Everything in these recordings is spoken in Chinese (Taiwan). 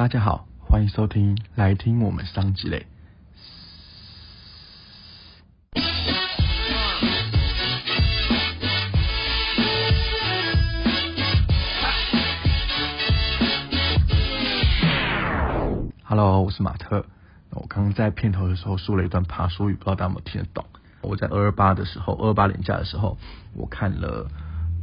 大家好，歡迎收聽來聽我們上集嘞。Hello，我是馬特。我剛剛在片頭的時候說了一段爬梳語，不知道大家有沒有聽得懂？我在二二八的時候，二二八連假的時候，我看了。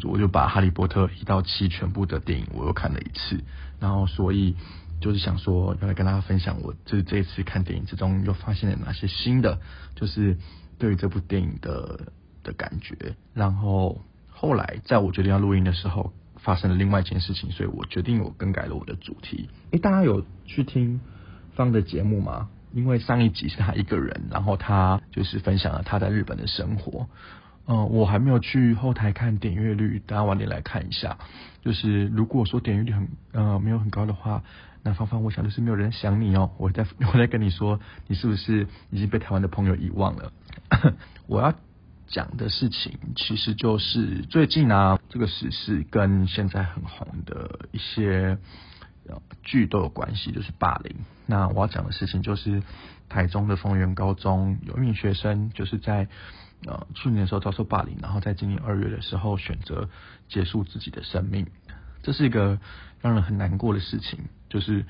我就把《哈利波特》一到七全部的電影我又看了一次，然後所以就是想說要來跟大家分享我這這次看電影之中又發現了哪些新的，就是對於這部電影的的感覺。然後後來在我決定要錄音的時候，發生了另外一件事情，所以我決定我更改了我的主題。欸，大家有去聽方的節目嗎？因為上一集是他一個人，然後他就是分享了他在日本的生活。嗯，我還沒有去後台看點閱率，大家晚點來看一下。就是如果說點閱率很呃沒有很高的話，那芳芳，我想就是沒有人想你哦，我在我在跟你說，你是不是已經被台灣的朋友遺忘了？ 我要講的事情其實就是最近啊，這個時事跟現在很紅的一些劇都有關係，就是霸凌。那我要講的事情就是台中的豐原高中有一名學生就是在。呃，去年的時候遭受霸凌，然後在今年二月的時候選擇結束自己的生命，這是一個讓人很難過的事情。就是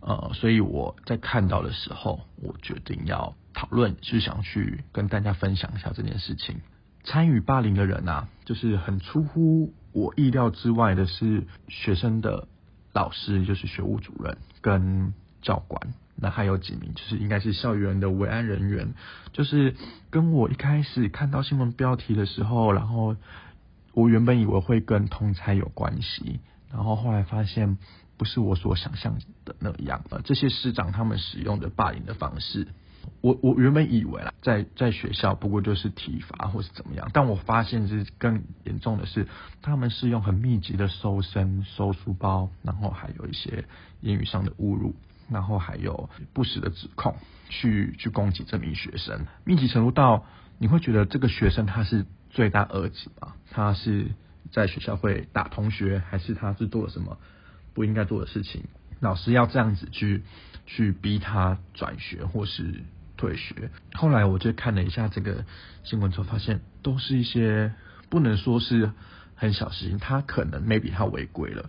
呃，所以我在看到的時候，我決定要討論，就是想去跟大家分享一下這件事情。參與霸凌的人吶、啊，就是很出乎我意料之外的是，學生的老師，就是學務主任跟教官。那還有幾名，就是應該是校園的維安人員，就是跟我一開始看到新聞標題的時候，然後我原本以為會跟同儕有關係，然後後來發現不是我所想象的那樣。而這些師長他們使用的霸凌的方式，我我原本以為啦，在在學校不過就是體罰或是怎麼樣，但我發現是更嚴重的是，他們是用很密集的搜身、搜書包，然後還有一些言語上的侮辱。然後還有不實的指控去、去去攻擊這名學生，密集程度到你會覺得這個學生他是罪大惡極啊。他是在學校會打同學，還是他是做了什麼不應該做的事情？老師要這樣子去去逼他轉學或是退學？後來我就看了一下這個新聞，之後發現都是一些不能說是很小事情，他可能 maybe 他違規了，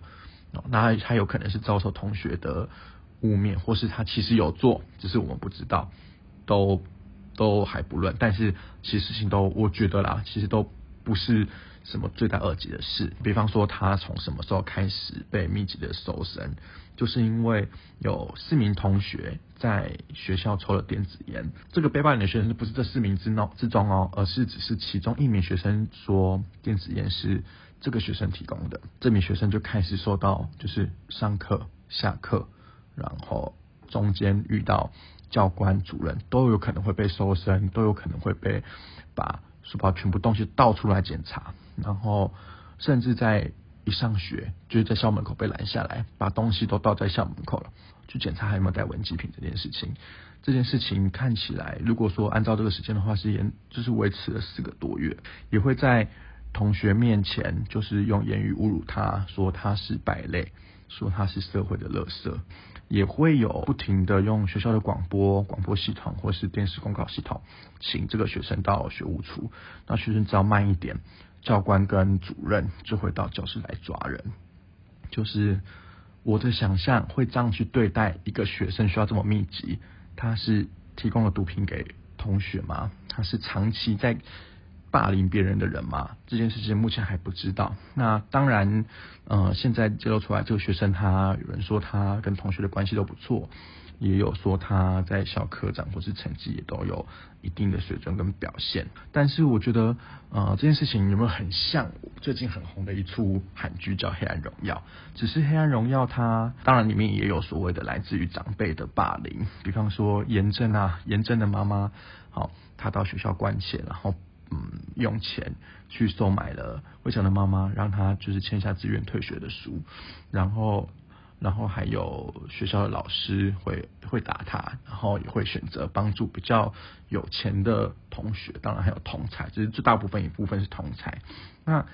那他有可能是遭受同學的。污衊，或是他其實有做，只是我們不知道，都都還不論。但是，其實事情都我覺得啦，其實都不是什麼罪大惡極的事。比方說，他從什麼時候開始被密集的搜身，就是因為有四名同學在學校抽了電子煙。這個被霸凌的學生不是這四名之鬧之中哦，而是只是其中一名學生說電子煙是這個學生提供的，這名學生就開始受到就是上課下課。然後中間遇到教官主任都有可能會被搜身，都有可能會被把書包全部東西倒出來檢查，然後甚至在一上學就是在校門口被攔下來，把東西都倒在校門口了去檢查還有沒有帶違禁品這件事情。這件事情看起來，如果說按照這個時間的話，是延就是維持了四個多月，也會在同學面前就是用言語侮辱他，說他是敗類，說他是社會的垃圾。也會有不停的用學校的廣播廣播系統或是電視公告系統，請這個學生到學務處。那學生只要慢一點，教官跟主任就會到教室來抓人。就是我的想象會這樣去對待一個學生，需要這麼密集？他是提供了毒品給同學嗎？他是長期在霸凌別人的人嘛，這件事情目前還不知道。那當然，呃，現在揭露出來這個學生他，他有人說他跟同學的關係都不錯，也有說他在校科長或是成績也都有一定的水準跟表現。但是我覺得，呃，這件事情有沒有很像我最近很紅的一出韓劇叫《黑暗榮耀》？只是《黑暗榮耀》他，它當然裡面也有所謂的來自於長輩的霸凌，比方說嚴正啊，嚴正的媽媽，好，他到學校關切，然後。嗯，用錢去收買了魏強的媽媽，讓他就是簽下自願退學的書，然後，然後還有學校的老師會會打他，然後也會選擇幫助比較有錢的同學，當然還有同才，就是絕大部分一部分是同才。那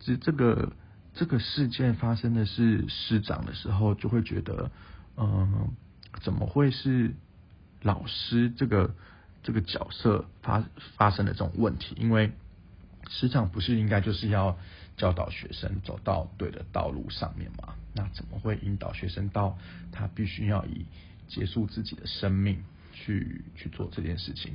其實這個這個事件發生的是師長的時候，就會覺得，嗯，怎麼會是老師這個？這個角色發發生的這種問題，因為師長不是應該就是要教導學生走到對的道路上面嗎？那怎麼會引導學生到他必須要以結束自己的生命去去做這件事情？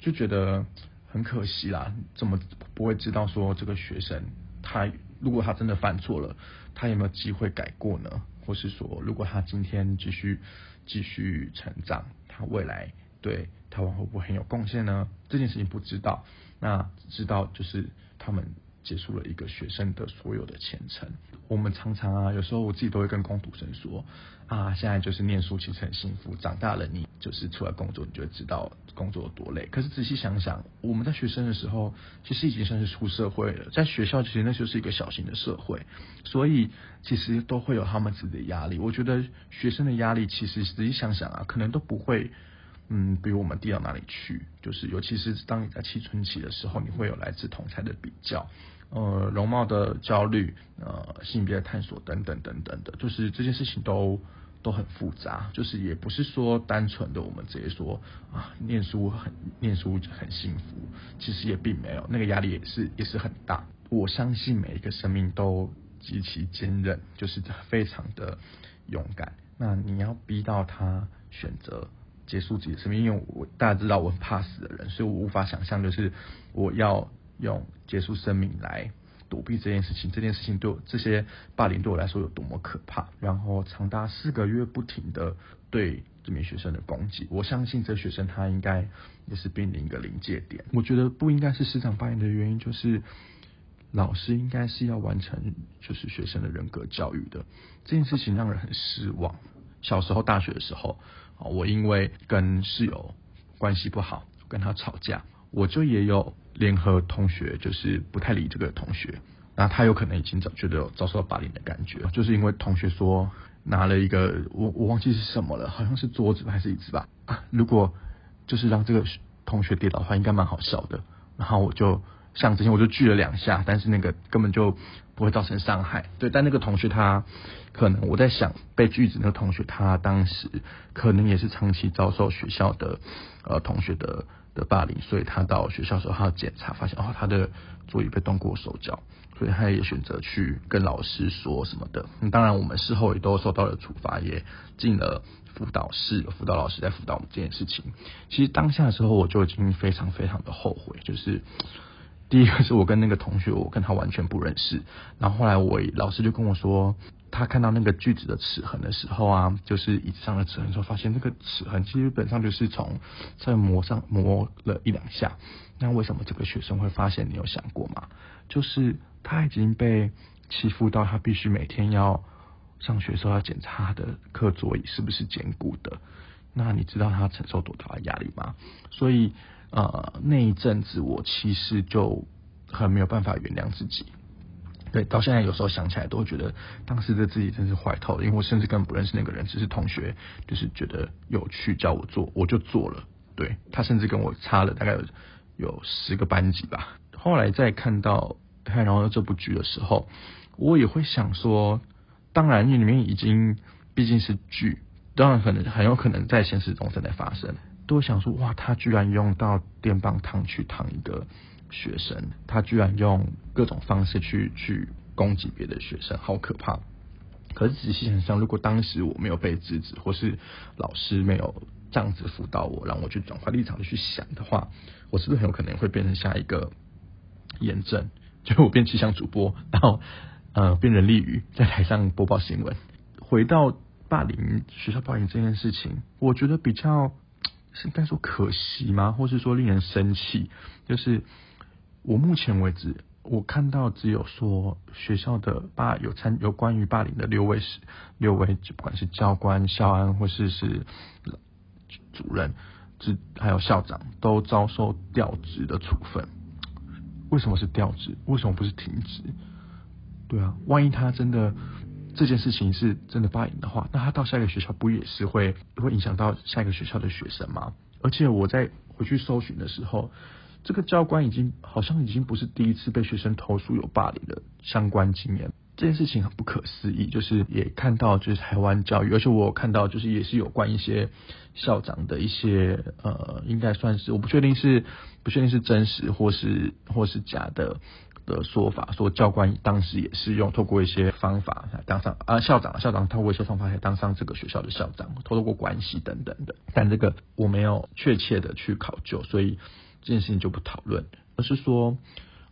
就覺得很可惜啦。怎麼不會知道說這個學生他如果他真的犯錯了，他有沒有機會改過呢？或是說如果他今天繼續繼續成長，他未來對。台灣會不會很有貢獻呢？這件事情不知道。那知道就是他們結束了一個學生的所有的前程。我們常常啊，有時候我自己都會跟工讀生說啊，現在就是念書其實很幸福，長大了你就是出來工作，你就知道工作有多累。可是仔細想想，我們在學生的時候，其實已經算是出社會了。在學校其實那就是一個小型的社會，所以其實都會有他們自己的壓力。我覺得學生的壓力，其實仔細想想啊，可能都不會。嗯，比如我們低到哪裡去，就是尤其是當你在青春期的時候，你會有來自同儕的比較，呃，容貌的焦慮，呃，性別的探索等等等等的，就是這件事情都都很複雜，就是也不是說單純的我們直接說啊，念書很念書就很幸福，其實也並沒有，那個壓力也是也是很大。我相信每一個生命都極其堅韌，就是非常的勇敢。那你要逼到他選擇結束自己的生命，因為我，我大家知道我很怕死的人，所以我無法想象就是我要用結束生命來躲避這件事情。這件事情對我這些霸凌對我來說有多麼可怕？然後長達四個月不停的對這名學生的攻擊，我相信這學生他應該也是瀕臨一個臨界點。我覺得不應該是師長霸凌的原因，就是老師應該是要完成就是學生的人格教育的。這件事情讓人很失望。小時候大學的時候。哦，我因為跟室友關係不好，跟他吵架，我就也有聯合同學，就是不太理這個同學，那他有可能已經早覺得有遭受到霸凌的感覺，就是因為同學說拿了一個我我忘記是什麼了，好像是桌子還是椅子吧，啊。如果就是讓這個同學跌倒的話，應該蠻好笑的。然後我就。像之前我就鋸了兩下，但是那個根本就不會造成傷害。對，但那個同學他可能，我在想被鋸子那個同學他當時可能也是長期遭受學校的呃同學的的霸凌，所以他到學校的時候他要檢查，發現哦他的座椅被動過手腳，所以他也選擇去跟老師說什麼的。嗯，當然我們事後也都受到了處罰，也進了輔導室，輔導老師在輔導我們這件事情。其實當下的時候我就已經非常非常的後悔，就是。第一個是我跟那個同學，我跟他完全不認識。然後後來我老師就跟我說，他看到那個鋸子的齒痕的時候啊，就是椅子上的齒痕的時候，發現那個齒痕基本上就是從在磨上磨了一兩下。那為什麼這個學生會發現？你有想過嗎？就是他已經被欺負到他必須每天要上學時候要檢查他的課桌椅是不是堅固的。那你知道他承受多大的壓力嗎？所以。啊、呃，那一陣子我其實就很沒有辦法原諒自己，對，到現在有時候想起來都會覺得當時的自己真是壞透了，因為我甚至根本不認識那個人，只是同學，就是覺得有趣叫我做，我就做了。對，他甚至跟我差了大概有有十個班級吧。後來再看到看然後這部劇的時候，我也會想說，當然裡面已經畢竟是劇，當然可能很有可能在現實中正在發生。都想說哇，他居然用到電棒燙去燙一個學生，他居然用各種方式去去攻擊別的學生，好可怕！可是仔細想想，如果當時我沒有被制止，或是老師沒有這樣子輔導我，讓我去轉換立場去想的話，我是不是很有可能會變成下一個驗證，就是我變氣象主播，然後呃變人力語，在台上播報新聞。回到霸凌學校霸凌這件事情，我覺得比較。是該說可惜嗎，或是說令人生氣？就是我目前為止，我看到只有說學校的霸有參有關於霸凌的六位是六位，就不管是教官、校安或是是主任，之還有校長都遭受調職的處分。為什麼是調職？為什麼不是停職？對啊，萬一他真的。這件事情是真的霸凌的話，那他到下一個學校不也是會會影響到下一個學校的學生嗎？而且我在回去搜尋的時候，這個教官已經好像已經不是第一次被學生投訴有霸凌的相關經驗。這件事情很不可思議，就是也看到就是台灣教育，而且我有看到就是也是有關一些校長的一些呃，應該算是我不確定是不確定是真實或是或是假的。的說法說，教官當時也是用透過一些方法來當上啊校長，校長透過一些方法來當上這個學校的校長，透過關係等等的。但這個我沒有確切的去考究，所以這件事情就不討論，而是說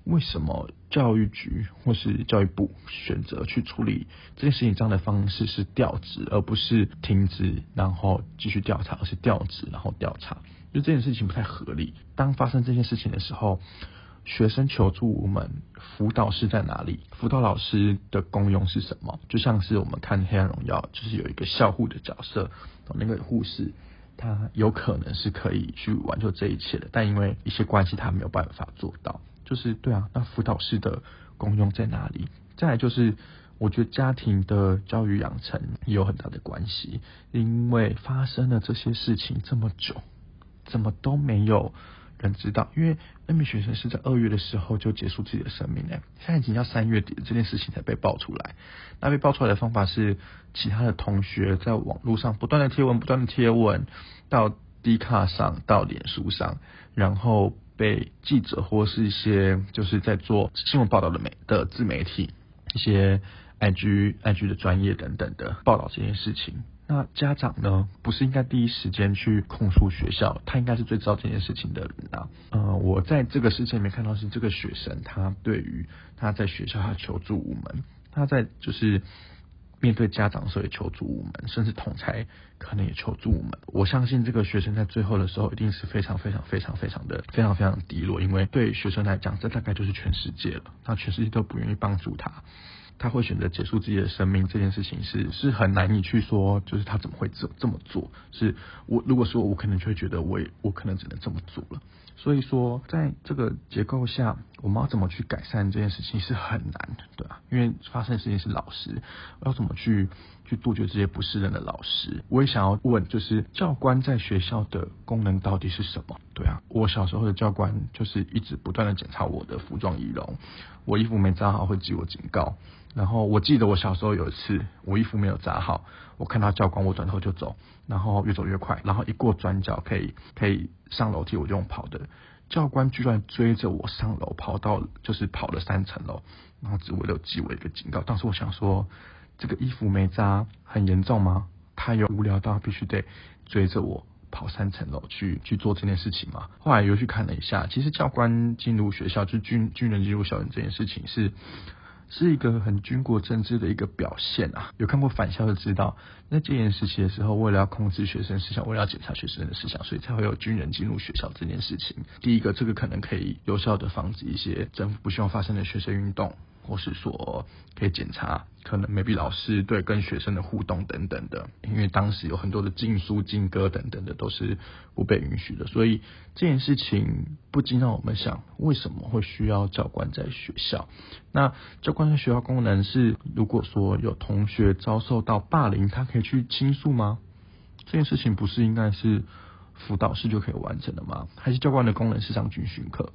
為什麼教育局或是教育部選擇去處理這件事情這樣的方式是調職而不是停職，然後繼續調查，而是調職然後調查，就這件事情不太合理。當發生這件事情的時候。學生求助我們，輔導室在哪裡？輔導老師的功用是什麼？就像是我們看《黑暗榮耀》，就是有一個校護的角色，那個護士，他有可能是可以去挽救這一切的，但因為一些關係，他沒有辦法做到。就是對啊，那輔導室的功用在哪裡？再來就是，我覺得家庭的教育養成也有很大的關係，因為發生了這些事情這麼久，怎麼都沒有。知道。因為那名學生是在二月的時候就結束自己的生命呢，現在已經到三月底了，這件事情才被爆出來。那被爆出來的方法是，其他的同學在網絡上不斷的貼文，不斷的貼文到 D 卡上，到臉書上，然後被記者或是一些就是在做新聞報道的媒的自媒體、一些 IG、IG 的專業等等的報道這件事情。那家長呢？不是應該第一時間去控訴學校？他應該是最知道這件事情的人啊。呃，我在這個事情裡面看到是這個學生，他對於他在學校，他求助無門，他在就是面對家長的時候也求助無門，甚至同儕可能也求助無門。我相信這個學生在最後的時候一定是非常非常非常非常的非常非常低落，因為對學生來講，這大概就是全世界了，那全世界都不願意幫助他。他會選擇結束自己的生命這件事情是是很難以去說，就是他怎麼會這這麼做？是我如果說我可能就會覺得我也我可能只能這麼做了。所以說在這個結構下，我們要怎麼去改善這件事情是很難的，對啊。因為發生的事情是老師要怎麼去去杜絕這些不適任的老師？我也想要問，就是教官在學校的功能到底是什麼？對啊，我小時候的教官就是一直不斷的檢查我的服裝儀容，我衣服沒扎好會記我警告。然後我記得我小時候有一次，我衣服沒有扎好，我看到教官，我轉頭就走，然後越走越快，然後一過轉角，可以可以上樓梯，我就用跑的。教官居然追着我上樓，跑到就是跑了三層樓，然後只為了記我，我一個警告。當時我想說，這個衣服沒扎很嚴重嗎？他有無聊到必須得追着我跑三層樓去去做這件事情嗎？後來又去看了一下，其實教官進入學校，就軍軍人進入校園這件事情是。是一個很軍國政治的一個表現啊。有看過返校就知道，那戒嚴時期的時候，為了要控制學生思想，為了要檢查學生的思想，所以才會有軍人進入學校這件事情。第一個，這個可能可以有效的防止一些政府不希望發生的學生運動。或是說可以檢查，可能 maybe 老師對跟學生的互動等等的，因為當時有很多的禁書禁歌等等的都是不被允許的，所以這件事情不禁讓我們想，為什麼會需要教官在學校？那教官在學校功能是，如果說有同學遭受到霸凌，他可以去傾訴嗎？這件事情不是應該是輔導室就可以完成的嗎？還是教官的功能是上軍訓課？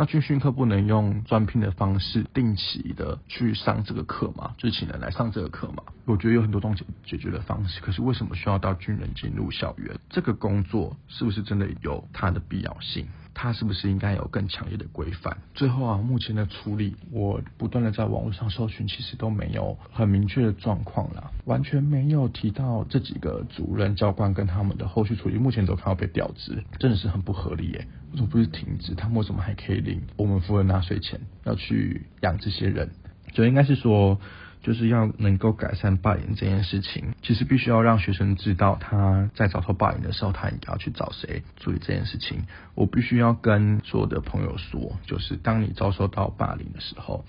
那軍訓課不能用專聘的方式定期的去上這個課嗎？就請人來上這個課嗎？我覺得有很多東西解決的方式，可是為什麼需要到軍人進入校園？這個工作是不是真的有它的必要性？他是不是應該有更強烈的規範？最後啊，目前的處理，我不斷地在網絡上搜尋，其實都沒有很明確的狀況啦，完全沒有提到這幾個主任教官跟他們的後續處理。目前都看到被調職，真的是很不合理耶！為什麼不是停職？他們為什麼還可以領我們付的納稅錢要去養這些人？就應該是說。就是要能夠改善霸凌這件事情，其實必須要讓學生知道，他在遭受霸凌的時候，他應該要去找誰處理這件事情。我必須要跟所有的朋友說，就是當你遭受到霸凌的時候，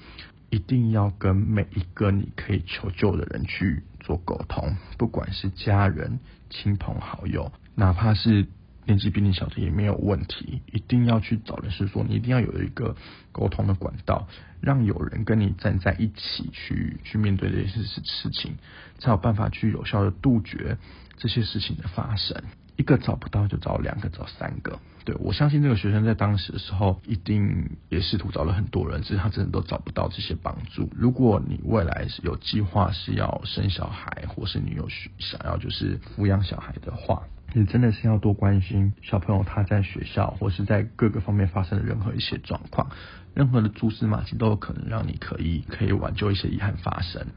一定要跟每一個你可以求救的人去做溝通，不管是家人、親朋好友，哪怕是年紀比你小的也沒有問題，一定要去找的是說，你一定要有一個溝通的管道。讓有人跟你站在一起去去面對這些事事情，才有辦法去有效的杜絕這些事情的發生。一個找不到就找兩個，找三個。對，我相信這個學生在當時的時候，一定也試圖找了很多人，只是他真的都找不到這些幫助。如果你未來是有計劃是要生小孩，或是你有需想要就是撫養小孩的話，你真的是要多關心小朋友他在學校或是在各個方面發生的任何一些狀況。任何的蛛絲馬跡都有可能讓你可以可以挽救一些遺憾發生。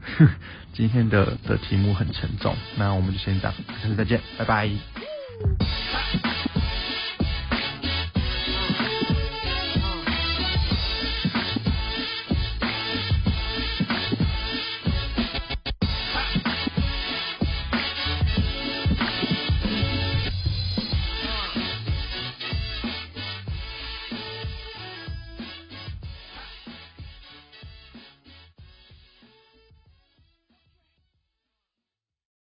今天的的題目很沉重，那我們就先這樣，下次再見，拜拜。